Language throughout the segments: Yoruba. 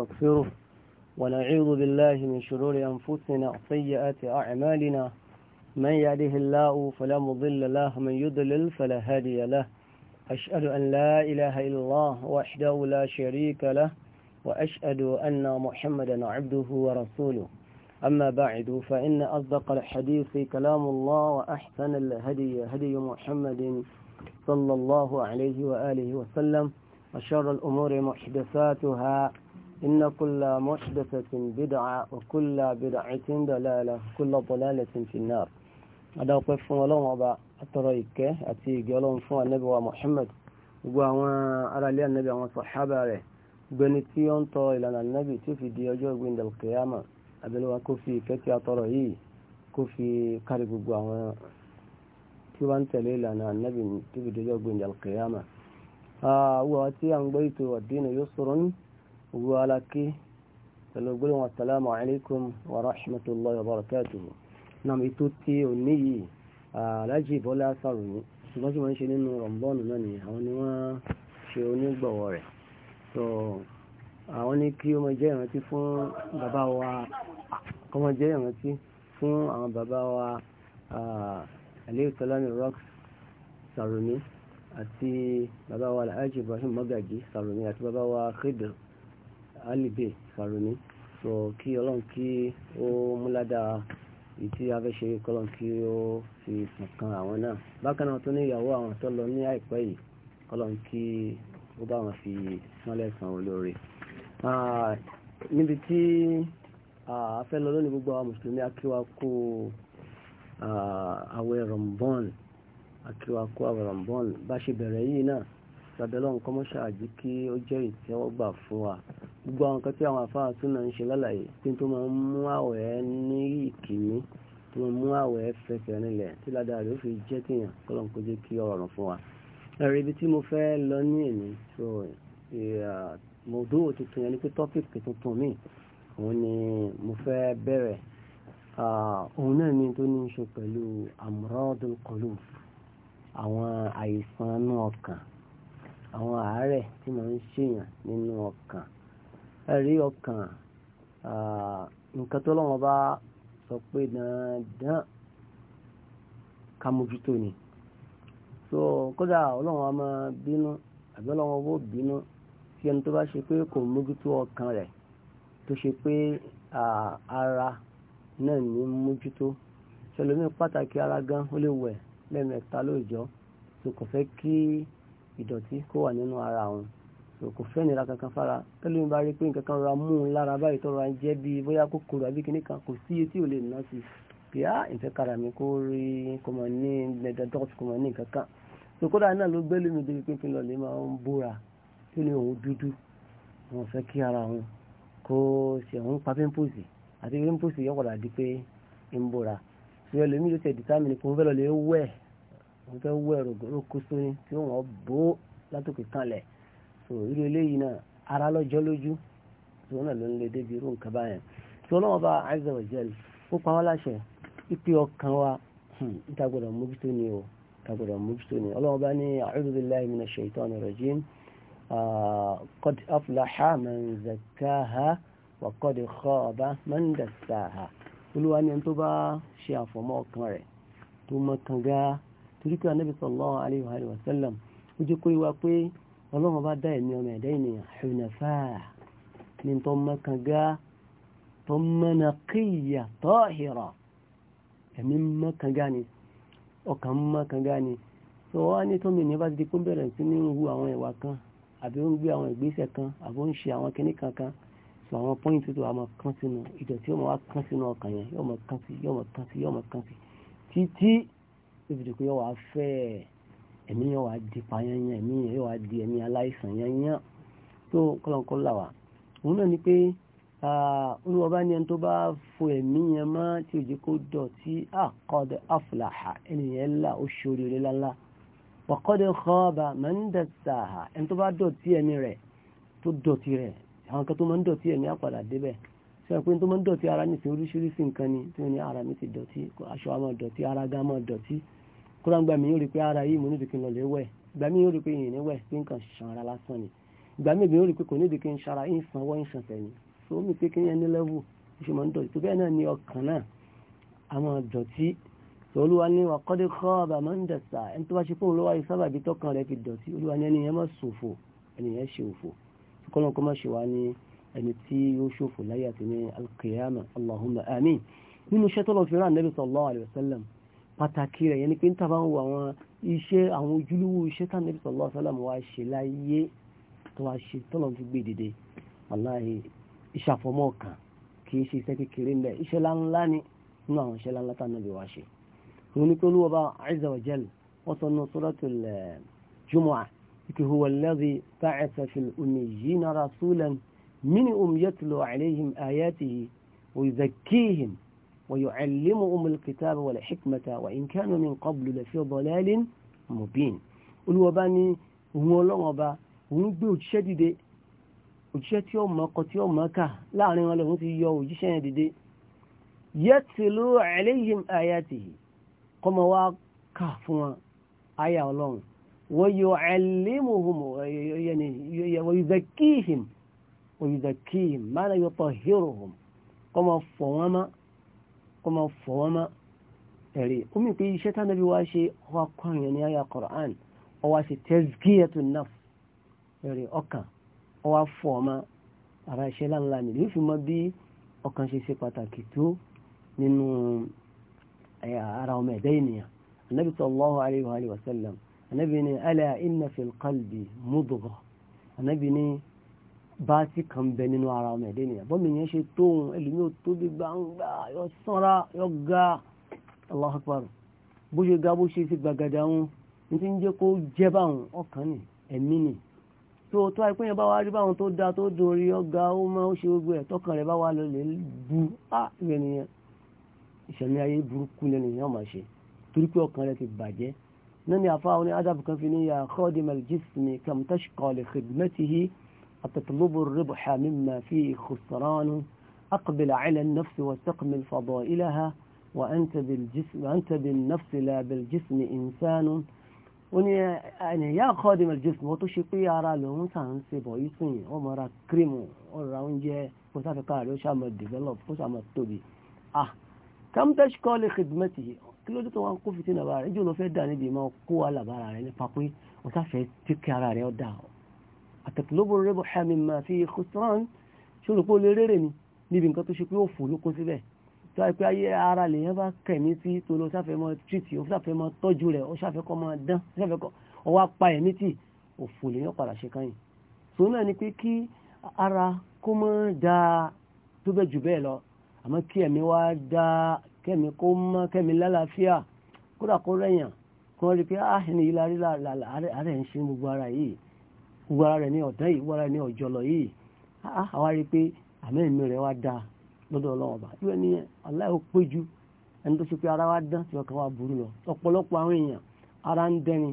نستغفره ونعوذ بالله من شرور أنفسنا وسيئات أعمالنا من يهده الله فلا مضل له من يضلل فلا هادي له أشهد أن لا إله إلا الله وحده لا شريك له وأشهد أن محمدا عبده ورسوله أما بعد فإن أصدق الحديث كلام الله وأحسن الهدي هدي محمد صلى الله عليه وآله وسلم وشر الأمور محدثاتها إن كل محدثة بدعة وكل بدعة دلالة كل ضلالة في النار هذا وقف ولو أبا أتريك أتي قالون فو النبي ومحمد وهو أرى لي النبي وصحابة له بنتي ينطو إلى النبي تفي دي أجوه عند القيامة أبلو كفي كتي أتريه كفي كارب وهو تبان تليل أنا النبي تفي دي أجوه عند القيامة آه وأتي عن بيت والدين يسر owó aláké pẹ̀lú gbólóhùn asalaamu alaykum wa rahmatulahi wa barakatuhu náà mi tó tí ò ní yìí aláàjì bọ́lá sàròyìn ṣùgbọ́n tí wọ́n ń ṣe nínú rọ̀mbọ́ọ̀nù náà ni àwọn ni wọ́n ṣe onígbọ̀wọ́ rẹ̀ tó àwọn ní kí ó máa jẹ́ ìrántí fún bàbá wa kó máa jẹ́ ìrántí fún àwọn bàbá wa alẹ́ ìsọlámi rock sàròyìn àti bàbá wa aláàjì ibrahim magaji sàròyìn àti bàbá wa khidr alibé faroni so kí ọlọ́run kí ó múládà ìtí afẹ́ṣe kọlọ́n kí ó fi kankan àwọn náà bákan náà tó ní ìyàwó àwọn tó lọ ní àìpẹ́ yìí kọlọ́n kí ó bá wọn fi mọ́lẹ̀ san olóore níbi tí a fẹ́ lọ lónìí gbogbo àwọn mùsùlùmí akíwa kó àwẹ̀ rọ̀mbọ́n akíwa kó àwẹ̀ rọ̀mbọ́n bá ṣe bẹ̀rẹ̀ yìí náà sàbẹ̀lọ́n kọ́mọ́ṣáàjì kí ó jẹ́ ìtẹ́wọ́gbà fún wa gbogbo àwọn kan tí àwọn àfáà súnà ń ṣe lálàyé pé tó máa ń mú àwẹ̀ ní ìkíní tó máa ń mú àwẹ̀ fẹsẹ̀ nílẹ̀ tí ládàá rẹ̀ ó fi jẹ́ tìyàn kọ́lọ́n kó jẹ́ kí ọ̀rọ̀ fún wa. ẹ̀rí ibi tí mo fẹ́ lọ ní èmi so mòdó tuntun yẹn ni pé tọ́pìkì tuntun mi òun ni mo fẹ́ bẹ̀rẹ̀ òun náà ni tó ní í ṣe pẹ̀lú amradul qulub àwọn àìsàn inú ọkàn àwọn àárẹ̀ tí máa ń ṣèyàn nínú ọkàn ẹ̀rí ọkàn nǹkan tó lọ́wọ́ bá sọ pé dandan ká mójútó ni so kódà ọlọ́wọ́ a máa bínú àbí ọlọ́wọ́ bó bínú tí ẹni tó bá ṣe pé kò mójútó ọkàn rẹ̀ tó ṣe pé ara náà ní mójútó ṣẹlẹ̀mí pàtàkì ara gan ó lè wẹ̀ lẹ́ẹ̀mẹ́ta lóòjọ́ tó kò fẹ́ kí ìdọ̀tí kó wà nínú ara òun so kò fẹ́ nira kankan fara tẹ́lẹ̀ mi bá rí pé nǹkan kan ra mú un lára báyìí tọrọ à ń jẹ́ bí bóyá kòkòrò àbí kìíní kan kò sí iye tí ò lè ná sí pé á ìfẹ́ kára mi kó rí kò mọ̀ ní dọ́kítì kò mọ̀ ní nǹkan kan so kódà náà ló gbé lómi débi pé kí n lọ lè máa ń bóra kí ni òun dúdú wọn fẹ́ kí ara òun kó ṣe òun pa pimples àti pimples yóò padà di pé ń bóra so ẹlòmíì ló ṣe determine kò fẹ́ lọ lè wẹ̀ so irú eléyìí náà ara lọ́jọ́ lójú tó náà ló ń lè débi irú nǹkan báyẹn tí ọlọ́wọ́n bá azza wa jal ó pa wọ́n láṣẹ ipe ọkàn wa hmm, níta gbọ́dọ̀ mójútó ni o níta gbọ́dọ̀ mójútó ni ọlọ́wọ́n bá ní a'udhu billahi minash shaitani rajim ah, qad aflaha man zakkaha wa qad khaba man dassaha olúwa ni tó bá ṣe àfọ̀mọ́ ọkàn rẹ̀ tó mọ́ kanga torí pé anábì sallallahu alaihi wa sallam ó jẹ́ kó yé pé ọlọ́run bá dá ẹ̀mí ọmọ ẹ̀dá ènìyàn ṣùnàfà ní tó mọ́kànga tó mọ́nà kíyà tọ́hìrọ̀ ẹ̀mí mọ́kànga ni ọkàn mọ́kànga ni tó wá ní tó mìíràn bá ti di kó bẹ̀rẹ̀ sí ní hu àwọn ìwà kan àbí ó ń gbé àwọn ìgbésẹ̀ kan àbí ó ń ṣe àwọn kinní kankan sọ àwọn pọ́ìntì tó wà máa sínú ìdọ̀tí yóò máa kán sínú ọkàn yẹn yóò máa sí yóò máa sí yóò máa sí títí ó fi dìkú yóò wá fẹ́ẹ̀ ẹ̀mí yẹn wàá di payányán ẹ̀mí yẹn wàá di ẹ̀mí aláìsàn yányán tó kọ́lọ́nkọ́ là wà. òun náà ni pé olúwa bá ní ẹni tó bá fo ẹ̀mí yẹn mọ́ tí òjì kó dọ̀tí àkọ́dẹ afúláhà ẹni yẹn là ó ṣoríire lálá wàkọ́dẹ khaba man dassaha ẹni tó bá dọ̀tí ẹ̀mí rẹ̀ tó dọ̀tí rẹ̀ àwọn kan tó máa ń dọ̀tí ẹ̀mí àpàdà débẹ̀ sọ pé tó máa ń dọ̀tí ara nìsín oríṣiríṣi nǹkan ni tí wọ́n ní ara mi ti dọ̀tí aṣọ àmọ́ dọ̀tí ara gá mọ́ dọ̀tí kóra gba mi yóò rí pé ara yìí mo nídìí kí n lọ lè wẹ̀ ìgbà mi yóò rí pé ìyìn ní wẹ̀ kí n kàn ṣan ara lásán ni ìgbà mi yóò rí pé kò nídìí kí n ṣara yín sanwó yín ṣàṣẹ ni so mi pé kí n yẹn ní lẹ́wù oṣù mọ̀ ń dọ̀tí tó bẹ́ẹ̀ náà ni ọkàn náà àwọn dọ̀tí olúwa ní wa qad khaba man dasa ẹni tó bá ṣe fún olúwa yìí sábàbí tọkàn rẹ fi dọ̀tí olúwa ní ẹni yẹn má ṣòfò ẹni pàtàkì rẹ̀ yẹn ni pé ń tàbá ń wo àwọn iṣẹ́ àwọn ojúlówó iṣẹ́ tá Nábì sallallahu alaihi wasallam wá ṣe láyé tó wá ṣe tọ́lọ̀ fi gbé dìde wàláhì ìṣàfọmọ́ kan kì í ṣe iṣẹ́ kékeré ń bẹ iṣẹ́ láńlá ni nínú àwọn iṣẹ́ láńlá tá Nábì wá ṣe òun ni pé olúwa bá azza wa wọ́n sọ nínú suratul eh, jumu'ah ike huwa alladhi ba'atha fil ummiyyina rasulan minhum yatlu ويعلمهم الكتاب والحكمة وإن كانوا من قبل لفي ضلال مبين Olúwa bá ní òun ọlọ́run ọba òun gbé òjíṣẹ́ dìde òjíṣẹ́ tí ó mọ̀ ọkọ tí ó mọ̀ ká láàrin wọn lòun ti yọ òjíṣẹ́ yẹn dìde yatlu alayhim ayatihi kọ́mọ wá kà fún wọn àyà ọlọ́run wa yu'allimuhum wa yuzakkihim wa yuzakkihim ma la yutahhiruhum kọ́mọ fọ̀ wọn mọ́ kó máa fọ̀ wọ́n mọ́ ẹ̀rí omi pé iṣẹ́ tánàbí wá ṣe ọwá kọrin ní àyà Qur'an ọwá ṣe tazkiyatun nafs ẹ̀rí ọkàn ọwá fọ̀ ọmọ ara iṣẹ́ láńlá nìlú fi mọ́ bí ọkàn ṣe ṣe pàtàkì tó nínú ara ọmọ ẹ̀dá ènìyàn anabi sallallahu bá sí kan bẹ nínú ara ọmọ ẹ̀dẹ́ nìyà bọ́mì yẹn ṣe tóun ẹlòmí ò tóbi gbangba yọ sanra yọ ga Allahu Akbar bó ṣe ga bó ṣe sí gbàgàdà wọn ní ti ń jẹ́ kó jẹ́ báwọn ọkàn ni ẹ̀mí ni tó tó àìpé yẹn bá wá rí báwọn tó da tó dùn orí ọ̀gá ó máa ó ṣe gbogbo ẹ̀ tọkàn rẹ̀ bá wà lọ bu á ìrẹ̀ nìyẹn ìṣẹ̀lẹ̀ ayé burúkú lẹ́nu yẹn máa ṣe torí pé ọkàn rẹ̀ ti bàjẹ́ náà ni àfáà oní adàbù fi ní yà khadimal jismi kam tashqa li khidmatihi أتطلب الربح مما فيه خسران أقبل على النفس واستقمل فضائلها وأنت, بالجسم وأنت بالنفس لا بالجسم إنسان يعني يا خادم الجسم وتشقي على لهم سانسيب ويسن ومرا كريمو وراونجي وسافقا لوشا ما ديفلوب وشا ما توبي آه كم تشكو لخدمته كل ló dé tó wá ń kó fìtínà bá rẹ̀ jù lọ fẹ́ dà níbi ìmọ̀ kó wà lábára àtẹ̀tùlóbò rẹ̀ bọ̀ hàmì máa fi khusran ṣòro pé ó lè rèrè ni níbi nǹkan tó ṣe pé ó fò lókun síbẹ̀ tó a pé ayé ara lè yẹn bá kẹ̀mí sí tó lọ sáfẹ́ mọ́ tìrìtì ó sáfẹ́ mọ́ tọ́jú rẹ̀ ó sáfẹ́ kọ́ mọ́ dán sáfẹ́ kọ́ ọ wá pa ẹ̀mí tì òfò lè yàn padà ṣe káyìn tó náà ni pé kí ara kó mọ́ da tó bẹ́ jù bẹ́ẹ̀ lọ àmọ́ kí ẹ̀mí wá da kẹ́mi kó mọ́ kẹ́mi lálàáfíà kódà kó rẹ̀yàn kó rí pé ah ẹni yìí la rí la àárẹ̀ ń ṣe gbogbo ara yìí wúwara rẹ̀ ní ọ̀dán yìí wúwara rẹ̀ ní ọ̀jọ̀lọ̀ yìí àwa rí i pé àmì ẹ̀mí rẹ̀ wá dáa lọ́dọ̀ ọlọ́wọ́n ọba irú ẹni aláìwọ́ pé ju ẹni tó ṣe pé ara wa dán tí ọkàn wa burú lọ ọ̀pọ̀lọpọ̀ àwọn èèyàn ara ń dẹni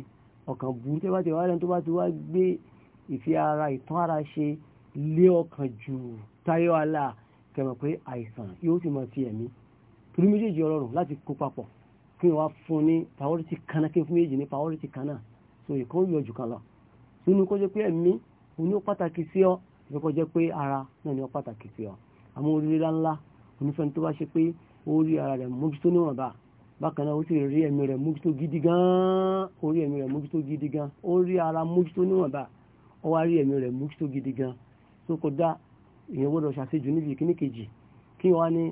ọkàn burú tẹ́ bá ti wá rẹ̀ tó bá ti wá gbé ìfi ara ìtàn ara ṣe lé ọkàn jù táyọ̀ àlà kẹmọ̀ pé àìsàn yóò sì máa fi ẹ̀mí torí méjèèjì ọlọ́run láti kó papọ̀ kí wọ́n fún ní pàwọ́rìtì kaná kí fún méjèèjì ní pàwọ́rìtì kaná so ìkó yọjú kan lọ sínú kó jẹ́ pé ẹ̀mí oní pàtàkì sí ọ ìfẹ́kọ̀ jẹ́ pé ara náà ni ọ pàtàkì sí ọ àmọ́ oríire ńlá onífẹ́ tó bá ṣe pé ó rí ara rẹ̀ mójútó níwọ̀nba bákan náà ó sì rí ẹ̀mí rẹ̀ mójútó gidi gan-an ó rí ẹ̀mí rẹ̀ mójútó gidi gan ó rí ara mójútó níwọ̀nba ó wá rí ẹ̀mí rẹ̀ mójútó gidi gan tó kò dá ìyẹn gbọ́dọ̀ ṣàṣejù níbi ìkíní kejì kí wọ́n á ní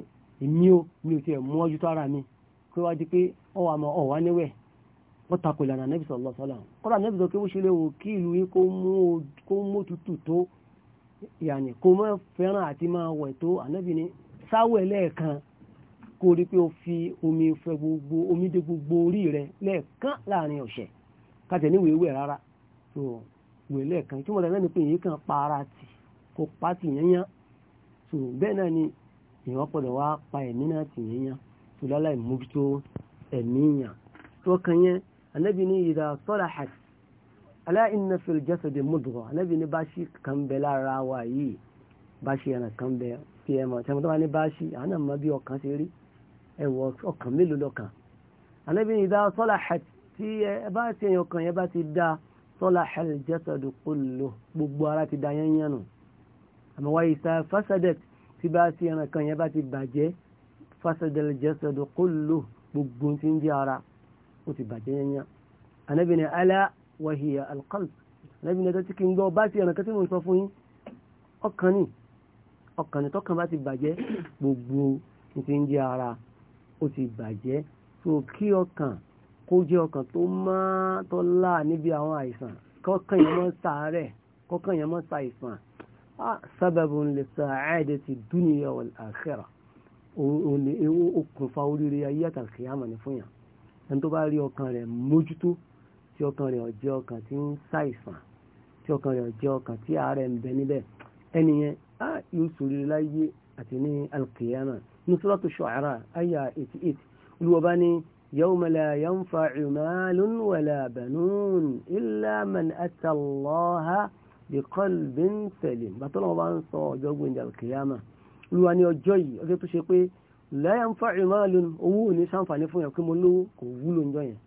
èmi ò mi ò tiẹ̀ wọ́n takò ìlànà nẹ́bí sọ̀lọ́ sọ́lá kọ́lá nẹ́bí sọ pé ó ṣe léwu kí ìlú yín kó mú tutù tó yàní kó má fẹ́ràn àti máa wẹ̀ tó ànẹ́bí ni sáwẹ̀ lẹ́ẹ̀kan kó rí pé o fi omi fẹ gbogbo omi dé gbogbo orí rẹ lẹ́ẹ̀kan láàrin ọ̀sẹ̀ kájẹ̀ níwèé wẹ̀ rárá tó wẹ̀ lẹ́ẹ̀kan ìtumọ̀ rẹ̀ lẹ́nu pé èyí pa ara tì kó pa tì yányán tó bẹ́ẹ̀ náà ni èèyàn pọ̀dọ̀ wá pa ẹ̀mí náà tì yányán tó láláì mójútó ẹ̀mí yàn tó kàn yẹn anabi ní ìdá salahat ala inna fil jasadi mudgha anabi ní báṣí kan bẹ lára wa yìí báṣí ẹran kan bẹ tí ẹ mọ tẹmọtọ wa ní báṣí àwọn àmọ bí ọkàn ṣe rí ẹwọ ọkàn mélòó lọkàn anabi ní ìdá salahat tí ẹ bá ti ẹyàn ọkàn yẹn bá ti dá salaha al jasadu kulluhu gbogbo ara ti dá yányán nù àmọ́ wáyé sá fásádẹ̀t tí bá sí ẹran kan yẹn bá ti bàjẹ́ fásádẹ̀l jasadu kulluhu gbogbo ti ń jẹ́ ara ó ti bàjẹ́ yẹnyẹn anabi ni ala wahiya alqalb anabi ni tẹ́tí kí n gbọ́ bá ti ẹ̀ràn kẹ́tí mo sọ fún yín ọkàn ni ọkàn ni tọ́kàn bá ti bàjẹ́ gbogbo ní ti ń jẹ́ ara ó ti bàjẹ́ so kí ọkàn kó jẹ́ ọkàn tó máa tọ́ láà níbi àwọn àìsàn kọ́kàn yẹn mọ́ sàárẹ̀ kọ́kàn yẹn mọ́ sàìsàn sábàbùn lè sàáàdẹ̀ ti dúnìyà wal òkùnfà oríire ayé àtàkìyàmọ̀ ní fún yàn ẹni tó bá rí ọkàn rẹ̀ mójútó tí ọkàn rẹ̀ ó jẹ́ ọkàn tí ń ṣàìsàn tí ọkàn rẹ̀ ó jẹ́ ọkàn tí àárẹ̀ ń bẹ níbẹ̀ ẹni yẹn á yóò sòrí láyé àti ní alkiyama ní suratu Shu'ara àyà 88 olùwọ́bá ní yawma la yanfa'u malun wala banun illa man ata Allaha bi bàtọ́lọ́wọ́ bá ń sọ ọjọ́ gbòǹdà alkiyama olùwà ní ọjọ́ yìí ọjọ́ tó ṣe pé lẹ́yà ń fàáyì máa lò owó ò ní sàǹfààní fún yàn pé mo lówó kò wúlò ń jọ yẹn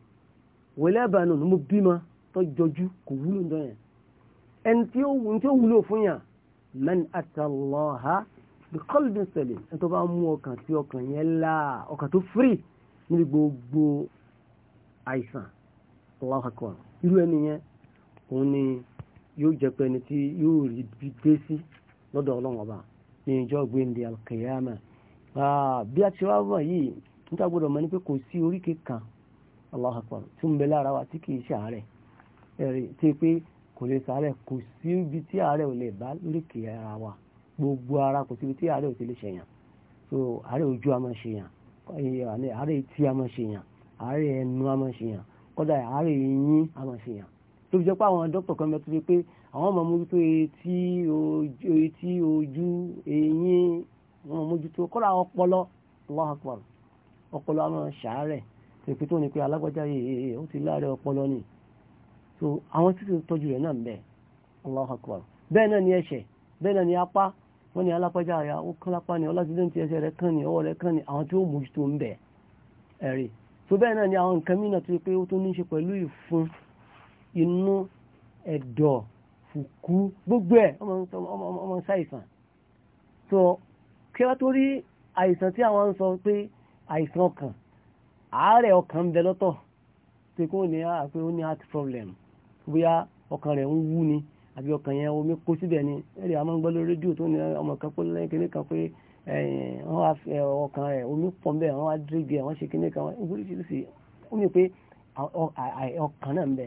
wẹ̀lẹ́ ìbànú ni mo bímọ tó jọjú kò wúlò ń jọ ẹni tí ó wúlò fún yàn man atallaha bi qalbin salim ẹni tó bá mú ọkàn tí ọkàn yẹn là ọkàn tó firi níbi gbogbo àìsàn Allahu akbar irú ẹni yẹn òun ni yóò jẹ́ pé ẹni tí yóò rí bí dé sí lọ́dọ̀ ọlọ́run ọba ní ìjọ gbé ní alkiyama Ah, bí a ti wá wọ̀ yìí níta gbọ́dọ̀ mọ̀ ní pé kò sí oríkèé kan Allahu Akbar tó ń bẹ lára wa tí kì í ṣàárẹ̀ ẹ̀rí tí pé kò lè ṣàárẹ̀ kò sí ibi tí àárẹ̀ ò lè bá lóríkèé ara wa gbogbo ara kò síbi tí àárẹ̀ ò ti lè ṣèyàn so àárẹ̀ ojú a máa ṣèyàn àárẹ̀ etí a máa ṣèyàn àárẹ̀ ẹnu a máa ṣèyàn kọ́dà àárẹ̀ eyín a máa ṣèyàn tó fi jẹ́ pé àwọn dókítà kan bẹ tó fi pé àwọn ọmọ mójútó wọn mójútó kọ́lá ọpọlọ Allahu Akbar ọpọlọ àwọn ṣàárẹ̀ pèpè tó ní pé alágbájá yìí ó ti láàrẹ ọpọlọ ni so àwọn títí tọ́jú rẹ̀ náà bẹ̀ Allahu Akbar bẹ́ẹ̀ náà ni ẹ̀ṣẹ̀ bẹ́ẹ̀ náà ni apá wọ́n ni alágbájá rẹ̀ ó kán lápá ni ọlájúdé ti ẹsẹ̀ rẹ̀ kán ni ọwọ́ rẹ̀ kán ni àwọn tí ó mójútó ń bẹ̀ ẹ̀rí so bẹ́ẹ̀ náà ni àwọn nǹkan mìíràn tó yẹ pé ó tó ní ṣe pẹ̀lú ìfun inú ẹ̀dọ̀ fùkú gbogbo ẹ̀ ọmọ ṣàìsàn so kí wá torí àìsàn tí àwọn ń sọ pé àìsàn ọkàn àárẹ̀ ọkàn ń bẹ lọ́tọ̀ pé kó ní àpé ah, ó ní heart problem bóyá ọkàn rẹ̀ ń wú ni àbí ọkàn yẹn omi kó síbẹ̀ ni ẹ̀rì àmọ́ ń gbọ́ lórí rédíò tó ní ọmọ kan pé lẹ́yìn kìnnì kan pé ọkàn rẹ̀ omi pọ̀ ń bẹ̀ wọ́n wá dírìgì ẹ̀ wọ́n ṣe kìnnì kan oríṣiríṣi ó ní pé ọkàn náà ń bẹ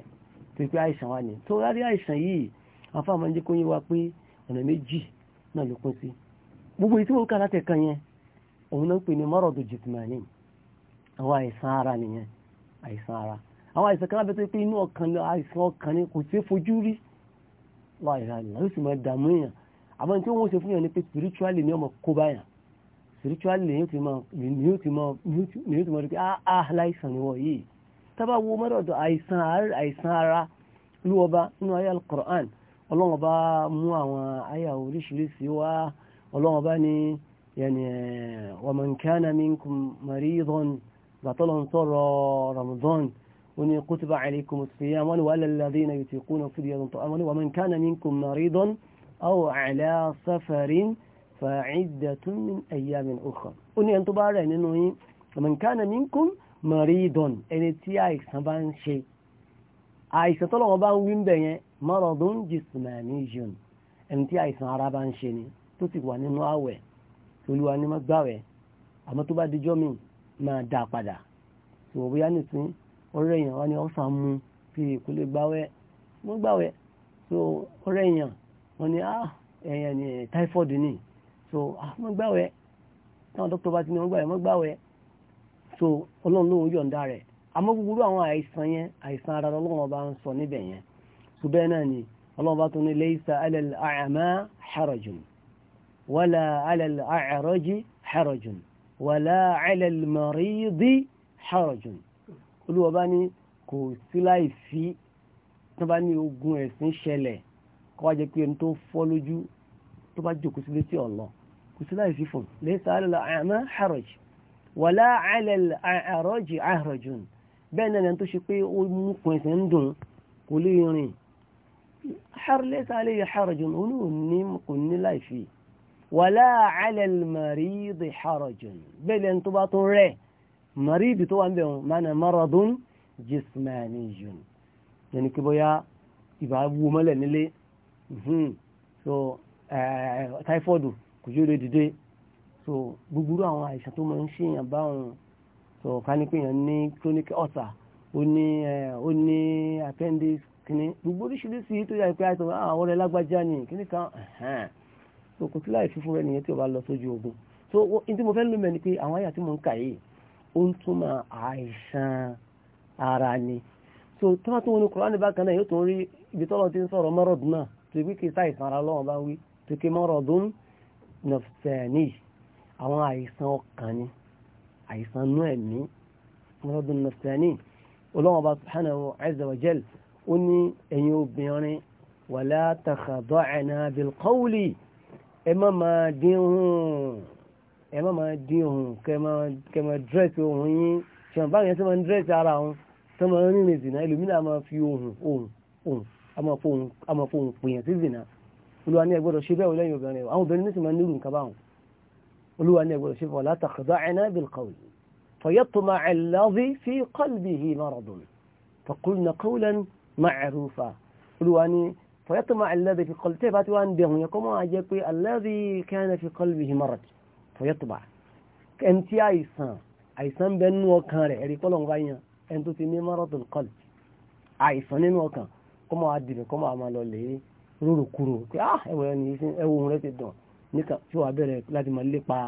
pé pé àìsàn wa ni tó rárí àìsàn yìí àfáà máa ń kó yé wa pé ọ̀nà méjì náà ló pín sí gbogbo èyí tí wọ́n kà láti ẹ̀kan yẹn òun náà ń pè ní mọ́rọ̀dù jìtìmọ̀nì àwọn àìsàn ara nìyẹn àìsàn ara àwọn àìsàn kan lábẹ́tẹ́ pé inú ọkàn àìsàn ọkàn ni kò ṣeé fojú rí wọ́n àìsàn àìsàn yóò sì máa dààmú èèyàn àmọ́ tí wọ́n ṣe fún yàn ni pé láìsàn ni quran ọlọ́run bá mú àwọn àyà oríṣiríṣi wá ọlọ́run bá ní yẹn wa man kana minkum maridan gbàtọ́lọ́ ń sọ̀rọ̀ ramadan ó ní kutiba alaykum as-siyam wa ala alladhina yutiquna fidyatun ta'amu wa man kana minkum maridan aw ala safarin fa iddatun min ayyamin ukhra ó ní ẹni tó bá rẹ̀ nínú yín wa man kana minkum maridan ẹni tí àìsàn bá ń ṣe àìsàn tọ́lọ́wọ́ bá ń wí ń bẹ̀yẹn maradun jismaniyun ẹni tí àìsàn ara bá ń ṣe ni tó sì wà nínú àwẹ̀ olúwa ní má gbàwẹ̀ àmọ́ tó bá dijọ́ mi máa dá a padà ìwọ̀ bóyá nìsín ọ̀rẹ́ èèyàn wá ní ọ̀sà mu fi ìkúlé gbàwẹ̀ mo gbàwẹ̀ so ọ̀rẹ́ èèyàn wọn ni ah ẹ̀yàn ni typhoid ni so ah mo gbàwẹ̀ táwọn dókítà bá ti ní mo gbàwẹ̀ mo gbàwẹ̀ so ọlọ́run lóun yọ̀ǹda rẹ̀ àmọ́ gbogbo àwọn àìsàn yẹn àìsàn ara ọlọ́run ọba ń sọ níbẹ̀ yẹn so náà ni ọlọ́run bá tún ní laysa alal a'ma harajun wala ala al-a'raji harajun wala ala al-maridi harajun olúwa bá ní kò sí láì fi tó bá ní ogun ẹ̀sìn ṣẹlẹ̀ kó wá jẹ́ pé ẹni tó fọ́ lójú tó bá jòkó sílé tí ọ̀lọ́ kò sí láì fi fún laysa ala al-a'ma haraj wala ala al-a'raji harajun bẹ́ẹ̀ náà tó ṣe pé ó mú kun ẹ̀sìn ń dùn kò lè rìn laysa alayhi harajun òun ò ní láì fi wàlá alẹ́lmàrídì harajun bẹ́ẹ̀lẹ̀ tó bá tún rẹ̀ màrídì tó wà ń bẹ̀ wọn mana maradun jismaniyun yẹni kí bóyá ìbá wú mọ́lẹ̀ nílé so táífọ́ọ̀dù kò yóò lè dìde so gbogbo àwọn àìsàn tó máa ń ṣèyàn báwọn so ká ní pé èèyàn ní chronic ulcer ó ní ó ní appendix kìíní gbogbo oríṣiríṣi tó yà pé àìsàn ah, àwọn ọ̀rẹ́ lágbájá ni kìíní kan so kò sí láì fi fún ẹnìyẹn tí o bá lọ sójú ogun so n tí mo fẹ́ lò mẹ́ni pé àwọn àyà tí mo ń kà yìí ó ń túmọ̀ àìsàn ara ni so tí wọ́n tún wọn ní Kùránì bákan náà yóò tún rí ibi tọ́lọ́ ti ń sọ̀rọ̀ mọ́rọ̀dún náà tó ibi kì í sáìsàn ara lọ́wọ́ bá wí tó kí mọ́rọ̀dún nọ̀fẹ̀ẹ́nì àwọn àìsàn ọkàn ni àìsàn inú ẹ̀mí mọ́rọ̀dún nọ̀fẹ̀ẹ́nì Ọlọ́hun bá subhanahu azza wa ó ní ẹ̀yin obìnrin wala takhada'na bil qawli ẹ má máa dín hùn ẹ má máa dín hùn kẹ máa dírẹ́sì ohun yín ṣùgbọ́n báyìí ẹ sọ máa ń dírẹ́sì ara wọn tó máa ń rìnrìn zìnà ẹlòmínà máa fi ohun ohun ohun amọ̀fóhun pèèyàn sí zìnà olúwa ní ẹ gbọ́dọ̀ ṣe bẹ́ẹ̀ lẹ́yìn obìnrin àwọn obìnrin nísìnyí máa ń nírù nǹkan báwọn olúwa ní ẹ gbọ́dọ̀ ṣe fọlá takhda'na bil qawl fayatma'a alladhi fi qalbihi maradun faqulna qawlan ma'rufa olúwa ní فيطمع الذي في قلبه تبات وانده يقوم أجيبه الذي كان في قلبه مرض فيطمع أنت أيسان أيسان بأن وكان رعري قولهم غاية أنت تني مرض القلب أيسان وكان قم أعدي قم أعمل اللي rúrù kúrò pé ah ẹwọ ẹni yìí ẹwọ ohun rẹ ti dàn níka tí wàá bẹ̀rẹ̀ láti máa lépa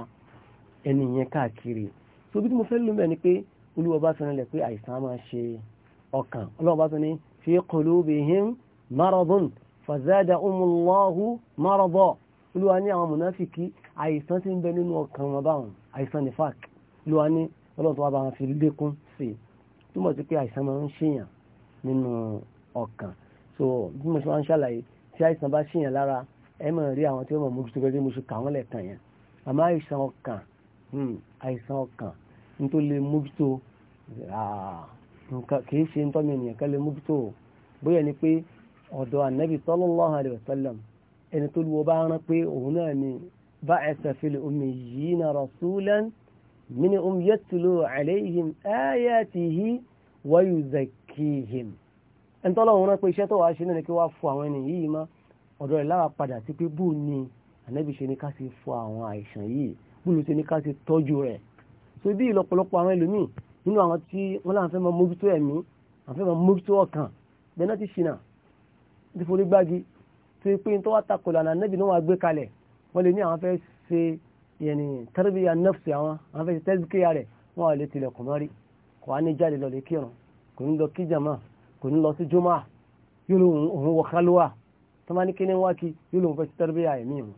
ẹni yẹn káàkiri so bí mo fẹ́ lómi ẹ̀ ni pé olúwa bá fẹ́ràn lẹ̀ pé àìsàn á máa ṣe ọkàn ọlọ́wọ́ bá fẹ́ ni fi qulubihim maradun fàzádà ọmọlọ́hu márọ̀bọ̀ olúwa ní àwọn mùnáfìkì àìsàn tí ń bẹ nínú ọkàn wọn báwọn àìsàn ní fák olúwa ní ọlọ́run tó wá bá wọn fi lékún sí i sí pé àìsàn máa ń ṣèyàn nínú ọkàn so bí mo ṣe máa ń ṣàlàyé tí àìsàn bá ṣèyàn lára ẹ mọ̀ rí àwọn tí ó mọ̀ mú tó gẹ́gẹ́ mo ṣe kà wọ́n lẹ́ẹ̀kan yẹn àmọ́ àìsàn ọkàn hmm, àìsàn ọkàn nítorí lè mójútó kì í ṣe ń tọ́mi ọ̀dọ̀ ànábì sallallahu alayhi wa sallam ẹni tó lùwọ́ bá rán pé òun náà ni ba'atha fil ummiyina rasulan minhum yatlu alayhim ayatihi wa yuzakkihim ẹni tó lọ́wọ́ rán pé iṣẹ́ tó wàá ṣe náà ni kí wàá fọ àwọn ẹni yìí má ọ̀dọ̀ rẹ̀ láwa padà sí pé bóun ni ànábì ṣe ni ká sì fọ àwọn àìsàn yìí bóun ṣe ni ká sì tọ́jú rẹ̀ so bí ìlọ́pọ̀lọpọ̀ àwọn ẹlòmíì nínú àwọn tí wọ́n láwọn fẹ́ mójútó ẹ̀mí àwọn fẹ́ mójútó ọkàn bẹ́ẹ̀ ti ṣìnà ti forí gbági tó pé tó wá takò lànà nẹ́bí náà wà gbé kalẹ̀ wọ́n lè ní àwọn fẹ́ ṣe yẹn tẹ́rẹ́bíyà nọ́ọ̀sì àwọn àwọn fẹ́ ṣe tẹ́síkìyà rẹ̀ wọ́n wà lè tilẹ̀kùn mọ́rí kò wá ní jáde lọ lè kírun kò ní lọ kí jàmá kò ní lọ sí jùmọ́ yóò lóun òun wọ kálúwà tó máa ní kí ni wá kí yóò lóun fẹ́ ṣe tẹ́rẹ́bíyà ẹ̀mí mu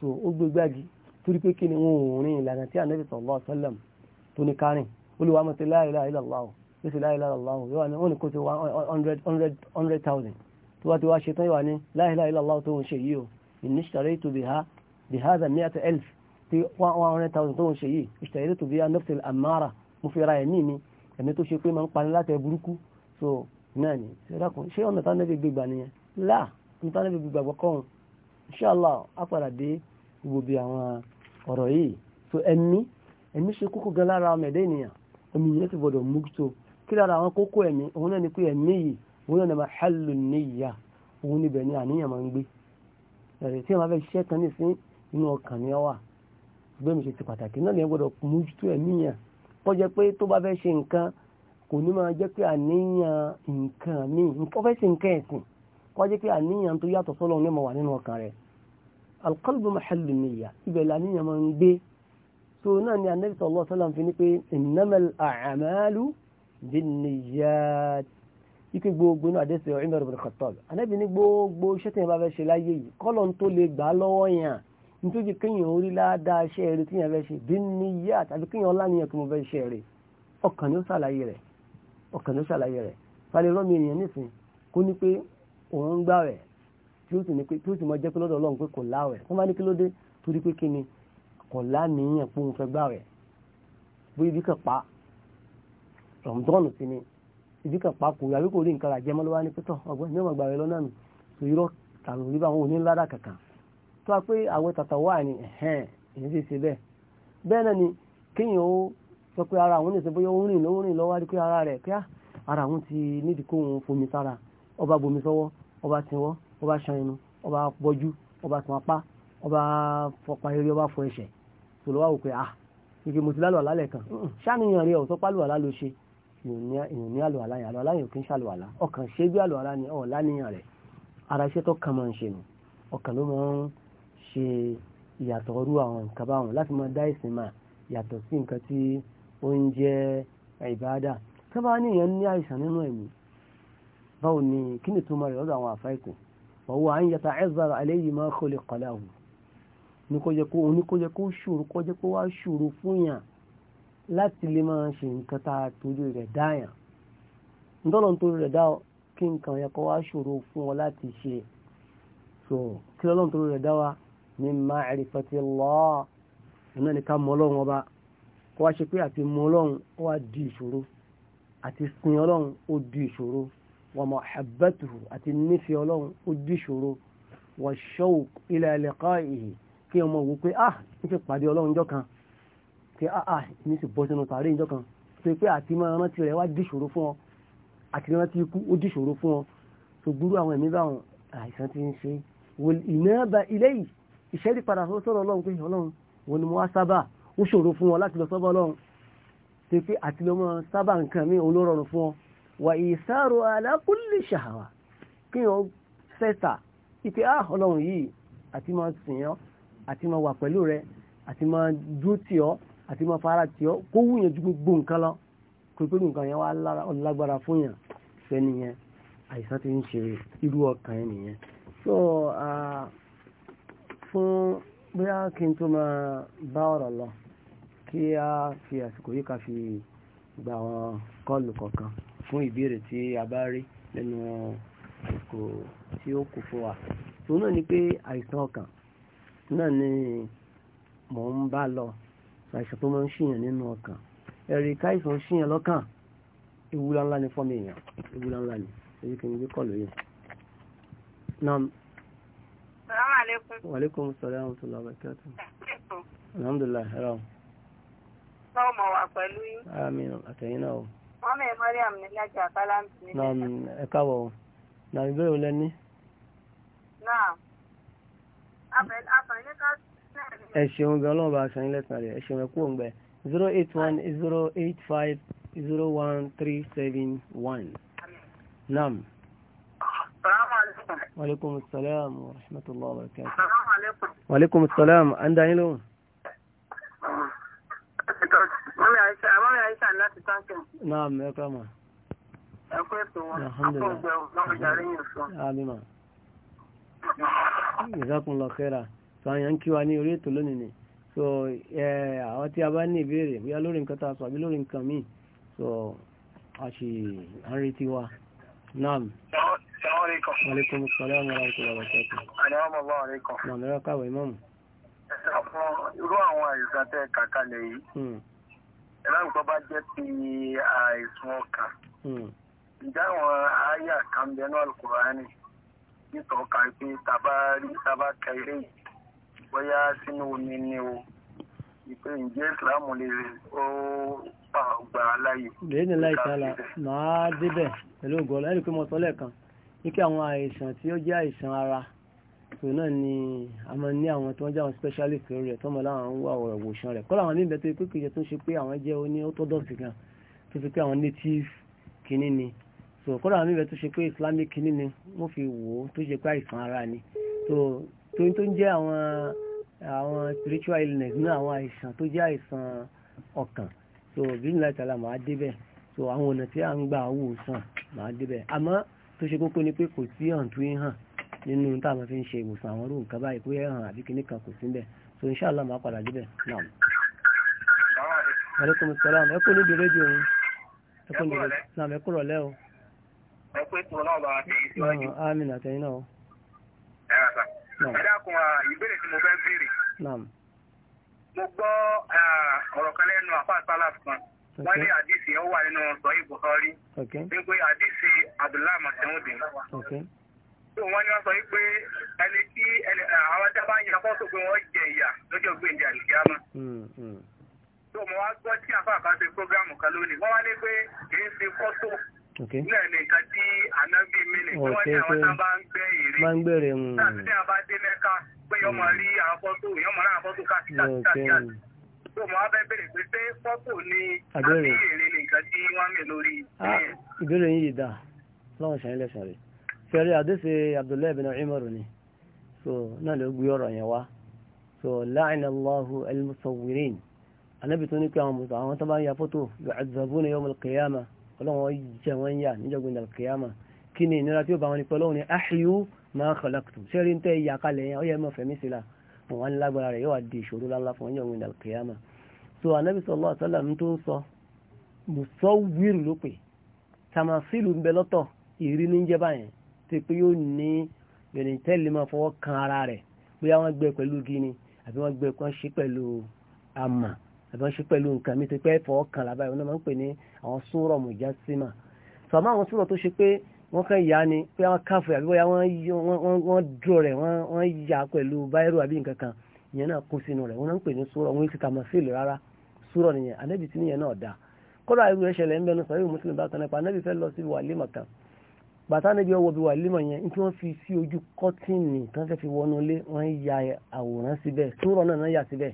so ó gbé gbági torí pé kí ni wọn ò rìn ìlànà tí ànábì sallallahu alaihi tó ní kárìn olùwàmọ̀tẹ́ la ilaha illallah yóò sì la ilaha illallah yóò wà ní kó ti one hundred hundred thousand tó bá ti wá ṣetán ìwà ní la ilaha illallah tó ń ṣe yìí o inishtaraytu bihadha mi'ata alf tí one hundred thousand tó ń ṣe yìí ishtaraytu biha nafsil amara mo fi ra ẹ̀mí mi ẹ̀mí tó ṣe pé máa ń pani látẹ̀ burúkú so náà ni ṣé ọ̀nà táwọn ẹbí gbégbà nìyẹn láà ní táwọn ẹbí gbégbà gbọ́kọ̀ọ̀hún inshallah apàdà dé gbogbo àwọn ọ̀rọ̀ yìí so ẹ̀mí ẹ̀mí ṣe kókó gan lára ọmọ ẹ̀dẹ́ ènìyàn ẹ̀mí yẹn ti gbọ́dọ̀ mú tó kí lára àwọn kókó ẹ̀mí òun náà ni pé ẹ̀mí yìí òun náà ni mahallu níyà òun níbẹ̀ ni àníyàn máa ń gbé ẹ̀rẹ̀ tí wọ́n fẹ́ ṣiṣẹ́ kan nísìn inú ọkàn ni wà ṣùgbọ́n mi ṣe ti pàtàkì náà lè gbọ́dọ̀ mójútó ẹ̀mí yẹn kọ́ jẹ́ pé tó bá fẹ́ ṣe nǹkan kò ní máa jẹ́ pé àníyàn nǹkan míì ó fẹ́ ṣe nǹkan ẹ̀sìn kọ́ jẹ́ pé àníyàn tó yàtọ̀ sọ́lọ́ ní máa wà nínú ọkàn rẹ̀ alqalbu mahallu níyà ibẹ̀ làníyàn máa ń gbé ike gbogbo inú àdéhùn Umar ibn Khattab anábì ní gbogbo iṣẹ́ tí yẹn bá fẹ́ ṣe láyé yìí kọ́lọ̀ tó lè gbà á lọ́wọ́ yẹn nítorí kéèyàn orí ládàá iṣẹ́ rẹ tí yẹn fẹ́ ṣe bí ní yá tàbí kéèyàn ọlá nìyẹn kí mo fẹ́ ṣe rẹ ọkàn ni ó ṣàlàyé rẹ ọkàn ni ó ṣàlàyé rẹ falẹ̀ rọ́mi èèyàn nísìn kó ní pé òun gbà rẹ̀ tí ó sì mọ jẹ́ pé lọ́dọ̀ Ọlọ́run pé kò láwẹ̀ pa rọ̀mùdọ́nù sí ìbí kan papò àbí kò rí nǹkan rà jẹ́ mọ́lọ́wá ní pẹ́tọ̀ ọgbọ́n ní ọmọ gbàrẹ́ lọ́nà nù tó tààrùn rí báwọn òní ńlá kankan tó wá pé àwẹ̀ tàtà wà ní ẹ̀hẹ́n èyí ti ṣe bẹ́ẹ̀ bẹ́ẹ̀ náà ni kéèyàn ó sọ pé ara àwọn oníṣẹ́ bóyá ó ń rìn lọ́wọ́ rìn lọ́wọ́ rí pé ara rẹ̀ pé ah, ara àwọn ti nídìí kó òun fomi sára ọba bomi sọ́wọ́ ọba tiwọ́ ọba ṣan inú ọba bọ́jú ọba tún apá ọba fọpa eré ọba fọ ẹsẹ̀ tòlówà wò pé ah ìgbìmọ̀ ti lálọ́ àlálẹ̀ kan ṣáà níyàn rí ọ̀ sọ́pálù àlá ṣe èèyàn ní àlùwàlá yẹn àlùwàlá yẹn ò kí ń ṣàlùwàlá ọkàn ṣe bí àlùwàlá ni ọ̀ọ́ láníyàn rẹ̀ ara iṣẹ́ tó kàn máa ń ṣe nù ọkàn ló máa ń ṣe ìyàtọ̀ ọrú àwọn nǹkan báwọn láti máa dá ìsìn máa yàtọ̀ sí nǹkan tí ó ń jẹ́ ìbáadà tó bá ní èèyàn ní àìsàn nínú ẹ̀mí báwo ni kí ni tó máa rẹ̀ lọ́dọ̀ àwọn àfáìkù ọwọ́ à ń yàtọ̀ ẹ̀zára aléyìí máa kọ́lé kọ́lá òun ní kó jẹ́ kó ṣòro kó jẹ́ kó wá ṣòro fún yàn láti lè máa ṣe nǹkan tá a torí rẹ̀ dáyàn ntọ́lọ̀ ń torí rẹ̀ dá kí nǹkan yẹ wá ṣòro fún ọ láti ṣe so kí lọ́lọ́ ń torí rẹ̀ dá wa ní ma'rifati Allah iná ni ká mọ ọlọ́run ọba kó wá ṣe pé àti mọ ọlọ́run ó wá di ìṣòro àti sin ọlọ́run ó di ìṣòro wa mahabbatuhu àti nífẹ̀ẹ́ ọlọ́run ó di ìṣòro wa shauq ila liqa'ihi kí pé àà ah, ní ah, sì bọ́ sínú tààrí ìjọ kan tó pé àti máa rántí rẹ̀ wá dìṣòro fún ọ àti rántí ikú ó dìṣòro fún ọ tó gbúrú àwọn ẹ̀mí báwọn àìsàn ti ń ṣe ìnáàbà ilé yìí ìṣẹ́rí padà sọ́rọ̀ ọlọ́run pé ọlọ́run wo ni mo wá sábà ó ṣòro fún ọ láti lọ sọ́bọ̀ ọlọ́run tó pé àti lọ́mọ sábà nǹkan mi òun rọrùn fún ọ wà ìsáàrò alákùnlé ṣàwà kí wọ́n fẹ́ta ìpé ah ọlọ́run yìí àti máa sìn ọ́ àti máa wà pẹ̀lú rẹ àti máa dúró tì ọ́ àti máa fara tì ọ́ kó wù yẹn ju gbogbo nǹkan lọ kó pé nǹkan yẹn wá lágbára fún yàn fẹ́ni yẹn àìsàn ti ń ṣe irú ọkàn yẹn nìyẹn so fún bóyá kí n tó máa bá ọ̀rọ̀ lọ kí a fi àsìkò yìí ká fi gba àwọn kọ́ọ̀lù kọ̀ọ̀kan fún ìbéèrè tí a bá rí nínú àsìkò tí ó kù fún wa tòun náà ni pé àìsàn ọkàn náà ni mò ń bá lọ àìsàn tó máa ń ṣìyàn nínú ọkàn ẹ̀rí káìsàn ṣìyàn lọ́kàn ewúlá ńlá ni fọ́mì èèyàn ewúlá ńlá ni èyí kì í gbé kọ̀ lóye. Wa alaikum salaam àwọn tó lọ bẹ̀ kẹ́tù. Alhamdulillah ẹ̀rọ. Báwo mọ̀ wà pẹ̀lú yín? Àmín àtẹ̀yìn náà o. Mọ́mí Mariam ní Lájà Kálámsì ní Ẹ káwọ̀ o. Nàìjíríà ò lẹ́ni. Náà, àfẹ̀lẹ́ ká ẹ ṣeun gan ọlọ́run bá san yín lẹ́sàn-án rẹ̀ ẹ ṣeun ẹ kú òǹgbẹ zero eight one zero eight five zero one three seven one nam. Wàlékùn sàlám wa rahmatulah wa barakatuh. Wàlékùn sàlám, à ń dání lóhùn. Mọ́mí Àìsà, mọ́mí Ẹ kú ètò wọn, àpò ìgbẹ̀rù, lọ́mọdé àríyìn sọ. Àmì mà so àyàn ń kí wa ní orí ètò lónìí ni so àwọn tí a bá ní ìbéèrè bóyá lórí nǹkan tá a sọ àbí lórí nǹkan míì so a ṣì ń retí wa naam. salaamaleykum. maaleykum salaam wa rahmatulah wa barakatuh. alaamaleykum aleykum. màmíra káwé mọ́mù. àwọn irú àwọn àìsàn tẹ kàkálẹ̀ yìí hmm. ẹlẹ́rìí tó bá jẹ́ ti àìsàn ọkàn hmm. ǹjẹ́ àwọn àyà kan bẹ́ẹ̀ náà Al-Qur'ani nítorí kan pé tàbá rí tàbá kẹrẹ́ yìí bóyá sínú omi ni o ìpè ǹjẹ́ ìsìlámù lè ó gbà láàyè. bẹ́ẹ̀ ni láì tààlà máa débẹ̀ pẹ̀lú ògùn ẹni pé mo sọ lẹ́ẹ̀kan ní àwọn àìsàn tí ó jẹ́ àìsàn ara tó náà ni a máa ní àwọn tó ń jẹ́ àwọn specialist lórí rẹ̀ tó mọ̀ láwọn ń wà ọ̀rọ̀ ìwòsàn rẹ̀ kọ́ làwọn níbẹ̀ tó pé kìí ṣe tó ń ṣe pé àwọn jẹ́ oní orthodoxy gan tó fi pé àwọn native kìíní ni so kọ́ làwọn níbẹ̀ tó ṣe pé islamic kìíní ni wọ́n fi wò ó tó ṣe pé àìsàn ara ni so tó ń tó ń jẹ́ àwọn àwọn spiritual illness ní àwọn àìsàn tó jẹ́ àìsàn ọkàn so bíi nílá ìtàlá màá débẹ̀ so àwọn ọ̀nà tí à ń gbà wò sàn màá débẹ̀ àmọ́ tó ṣe kókó ni pé kò sí hàn tó ń hàn nínú tá a máa fi ń ṣe ìwòsàn àwọn orú nǹkan báyìí pé hàn àbí kinní kan kò sí níbẹ̀ so inṣàlá màá padà débẹ̀ náà. aleykum salaam ẹ kú níbi rédíò yín ẹ kú níbi náà ẹ kú rọ̀lẹ́ o. ẹ kú ètò náà bá a ẹ̀dàkùn mo gbọ́ ọ̀rọ̀ kan lẹ́nu àpáàtàlàf kan wọ́n ní àdìsí ó wà nínú sọ́yì Bukhari wípé àdìsí Abdullahi Mas'udin. tó wọ́n ní wọ́n sọ wípé ẹni tí àwọn pé wọ́n jẹ ìyà lọ́jọ́ tó hmm, hmm. wá gbọ́ tí prógrámù kan lónìí wọ́n wá ní pé kì í ṣe fọ́tò nìkan tí Mm. máa ń gbèrè mu. láti tẹ́ àbá dé mẹ́ka pé yọ máa rí àwọn fọ́tò yọ máa rí àwọn fọ́tò káàkiri káàkiri tó mọ abẹ́ bèrè pé pé fọ́tò ni àbí èrè ni nǹkan tí wọ́n mè lórí. Ah, ìbéèrè yín yìí dà lọ́wọ́ ṣàyìn lẹ́sàn rẹ̀ fẹ́rí àdéṣe Abdullahi bin Umar ni so náà ló gbé ọ̀rọ̀ yẹn wá so la'ina Allahu al-musawwirin anábì tó ní pé àwọn mùsùlùmí àwọn tó bá ń ya fọ́tò yu'azzabuna yawm al-qiyamah ọlọ́wọ́n jẹ́ wọ́n yà níjọ́gbìn al-qiyamah kí ni ìnira tí ó bá wọn ni pé ọlọ́wọ́n ni áhìyú máa kọ̀lẹ́kùtù sẹ́rí tẹ́ ìyá kalẹ̀ yẹn ó yẹ mọ́ fẹ̀mí sí la fún wa ní lágbára rẹ̀ yóò wá di ìṣòro lálá fún ọjọ́ ìwìndà kìyàmà so anabi sallallahu alaihi wasallam tó ń sọ musawwir ló pè tamasilu ń bẹ lọ́tọ̀ ìrí ní jẹ́ báyẹn tó pé yóò ní bẹ̀rẹ̀ tẹ́lẹ̀ máa fọwọ́ kan ara rẹ̀ bóyá wọ́n gbẹ pẹ̀lú gíní àbí wọ́n gbẹ kan ṣe pẹ̀lú àmà àbí wọ́n ṣe pẹ̀lú nǹkan mi tó pé fọwọ́ kan làbáyé wọn máa ń pè ní àwọn sura mujassima sọ àwọn sura tó ṣe pé wọ́n kàn yá ni pé wọ́n káfù àbí wọ́n wọ́n dúró rẹ̀ wọ́n yá pẹ̀lú báírò àbí nǹkan kan ìyẹn náà kó sínú rẹ̀ wọ́n náà ń pè ní sùúrọ̀ wọ́n ti tàmà sílè rárá sùúrọ̀ nìyẹn anábì tí nìyẹn náà dá kọ́dà irú ẹ̀ṣẹ̀lẹ̀ ń bẹnu sọ̀rọ̀ mùsùlùmí bá tẹnapa anábì fẹ́ lọ síbi wàlímà kan bàtà anábì ọwọ́ bí wàlímà yẹn ní tí wọ́n fi sí ojú kọ́tìnì tán fẹ́ fi wọnú ilé wọ́n ya àwòrán síbẹ̀ sùúrọ̀ náà yà síbẹ̀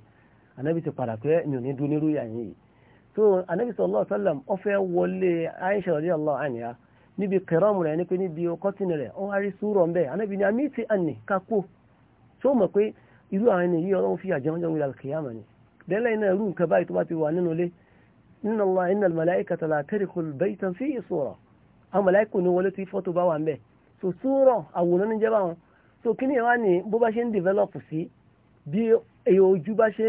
anábì ti padà pé mi ò ní dún nírú yà yín yìí so anábì sallallahu alaihi wasallam ó fẹ́ wọlé Aisha radiyallahu anha níbi kẹrọ́mù rẹ̀ ní pé níbi kọ́tìnì rẹ̀ ó wá súrọ̀ ń bẹ̀ anábì ni àmì ti àní kakó tó mọ̀ pé irú àwọn ẹni yìí ọlọ́run fi àjẹmọ́jọ́ wíwá kìyàmọ̀ ni dẹ́lẹ́ iná irú nǹkan báyìí tó bá ti wà nínú ilé nínú ọlọ́ iná màláìkàtà látẹ́rìkù bẹ́ẹ̀tàn fi ìṣòro àwọn màláìkù ni wọlé tí fọ́tò bá wà ń bẹ̀ so súrọ̀ àwòrán ní jẹ́ báwọn so kí ni ìwá ni bó bá ṣe ń develop sí bí ojú bá ṣe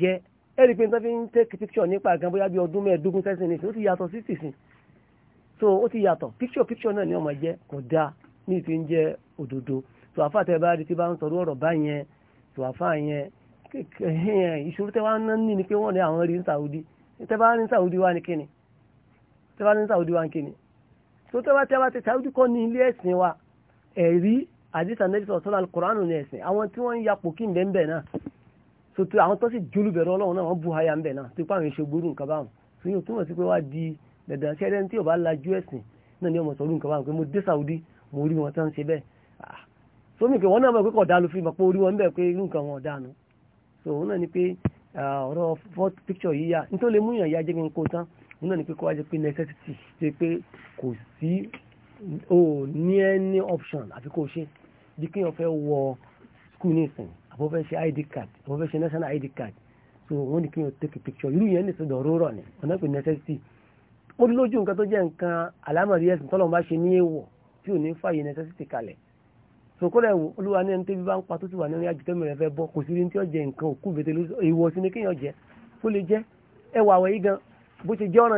jẹ́ ẹ̀rí pé nítorí ń tẹ́kì picture nípa gan bóyá bí ọdún mẹ́ẹ̀ẹ́dógún sẹ́sìn nìsín ó ti yàtọ̀ sí sísìn so ó ti yàtọ̀ picture picture náà ni ọmọ jẹ́ kò dáa ní ìfi ń jẹ́ òdodo so àfa tẹ bá rí tí bá ń sọ̀rọ̀ ọ̀rọ̀ bá yẹn so àfa yẹn ìṣòro tẹ wá ń ní ni pé wọ́n ní àwọn rí ní Saudi tẹ bá ní Saudi wá ní kíni tẹ bá ní Saudi wá ní kíni so tẹ bá tẹ bá tẹ Saudi kọ́ ní ilé ẹ̀sìn wa ẹ̀rí àdìsàn nẹ́bí sọ̀tọ́ sotu àwọn tó sì jólúbẹ̀rẹ̀ ọlọ́run náà wọ́n bu aya ń bẹ̀ náà tó pààrọ̀ ìṣe gbóró nǹkan báwọn tó yóò túmọ̀ sí pé wá di dandan sí ẹni tí ò bá lajú ẹ̀sìn náà ni ọmọ sọ̀rọ̀ nǹkan báwọn pé mo dé Saudi mo rí wọn tó ń ṣe bẹ́ẹ̀ ah. sómi pé wọ́n náà mọ̀ pé kọ̀ọ̀dá ló fi mọ̀ pé orí wọn bẹ̀ pé irú nǹkan wọn ọ̀dà so òun náà ni pé ah, ọ̀rọ̀ fourth picture yìí yá nítorí lè múyàn ya jẹ́ kí n kó tán òun náà ni pé kó wá jẹ́ pé necessity ṣe pé kò sí ò ní any option àfi kó ṣe bí kí wọ́n fẹ́ wọ school nísìnyí àbọ̀ fẹ́ ṣe id card àbọ̀ fẹ́ ṣe national id card so wọ́n ní kí wọ́n take picture irú yẹn nìṣẹ́ dọ̀ rọ́rọ̀ ni ọ̀nà pé necessity ó lójú nǹkan tó jẹ́ nǹkan àlámọ̀rí ẹ̀sìn tọ́lọ́ bá ṣe ní èèwọ̀ tí ò ní fààyè necessity kalẹ̀ so kó lẹ́wọ̀ olúwa ní ẹni tó bí bá ń pa tó ti wà nínú àjùtọ́ mi rẹ̀ fẹ́ bọ́ kò sí ní tí ó jẹ nǹkan òkú bètè ìwọ̀ sí ni kéèyàn jẹ kó lè jẹ ẹwà àwẹ̀ yìí gan bó ṣe jẹ́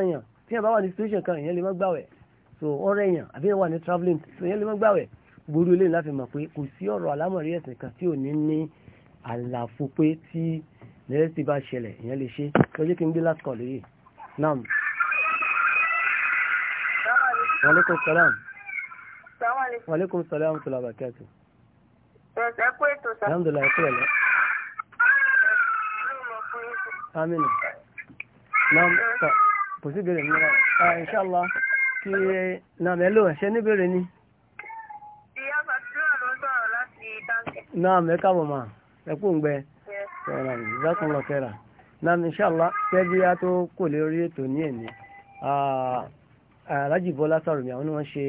ní situation so ọ̀rẹ́ yàn àbí yàn wà ní travelling so ìyẹn lè má gbàwẹ̀ gbòòrò eléyìí láfi mọ̀ pé kò sí ọ̀rọ̀ àlámọ̀rí àlàfo pé tí lẹ́sìn bá ṣẹlẹ̀ ìyẹn lè ṣe lọ́jọ́ kí n gbé last call lóye nam. wàlékún salam. wàlékún salam tó la bàtẹ́ àti. ẹ̀sẹ̀ kú ètò sá. alhamdulilah ẹ̀kú ẹ̀ lọ. aminu. nam kò sí ìbéèrè mìíràn. Ah, inṣàlá kí nam ẹ lò ẹ̀ṣẹ́ níbèrè ni. ìyá bàtúrà ló ń sọ̀rọ̀ láti dáńkẹ́. nam ẹ káàbọ̀ máa ẹkú ń gbẹ ẹ̀rọ ìzákun lọ kẹra náà inṣàlá kẹ́bí a tó kò lè rí ètò ní ẹ̀mí alájì bọ́lá sàrùmí àwọn ni wọ́n ṣe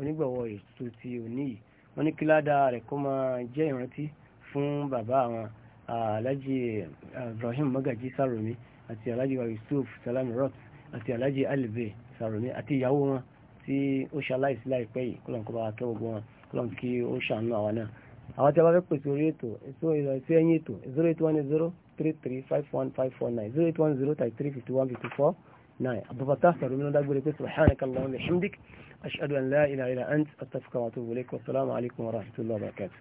onígbọ̀wọ́ ètò ti òní yìí wọ́n ní kí ládàá rẹ̀ kó máa jẹ́ ìrántí fún bàbá àwọn alájì Ibrahim Magaji sàrùmí àti alájì Yusuf Salami Roth àti alájì Alibe sàrùmí àti ìyàwó wọn tí ó ṣaláìsí láìpẹ́ yìí kọ́lọ̀ kó bá kẹ́ gbogbo wọn kọ́lọ̀ kí ó ṣàánú àwa náà àwọn tí a bá fẹ́ pèsè orí ètò eh, sí ẹ̀yìn ètò zero eight one zero three three five one five four nine zero eight one zero thirty three fifty one fifty four nine abubakar sọ̀rọ̀ mi ló dágbére pé subhanaka allahumma wa bihamdik ashhadu an la ilaha illa ant astaghfiruka wa atubu ilayk wa salaamu alaykum wa rahmatullahi wa barakatuh.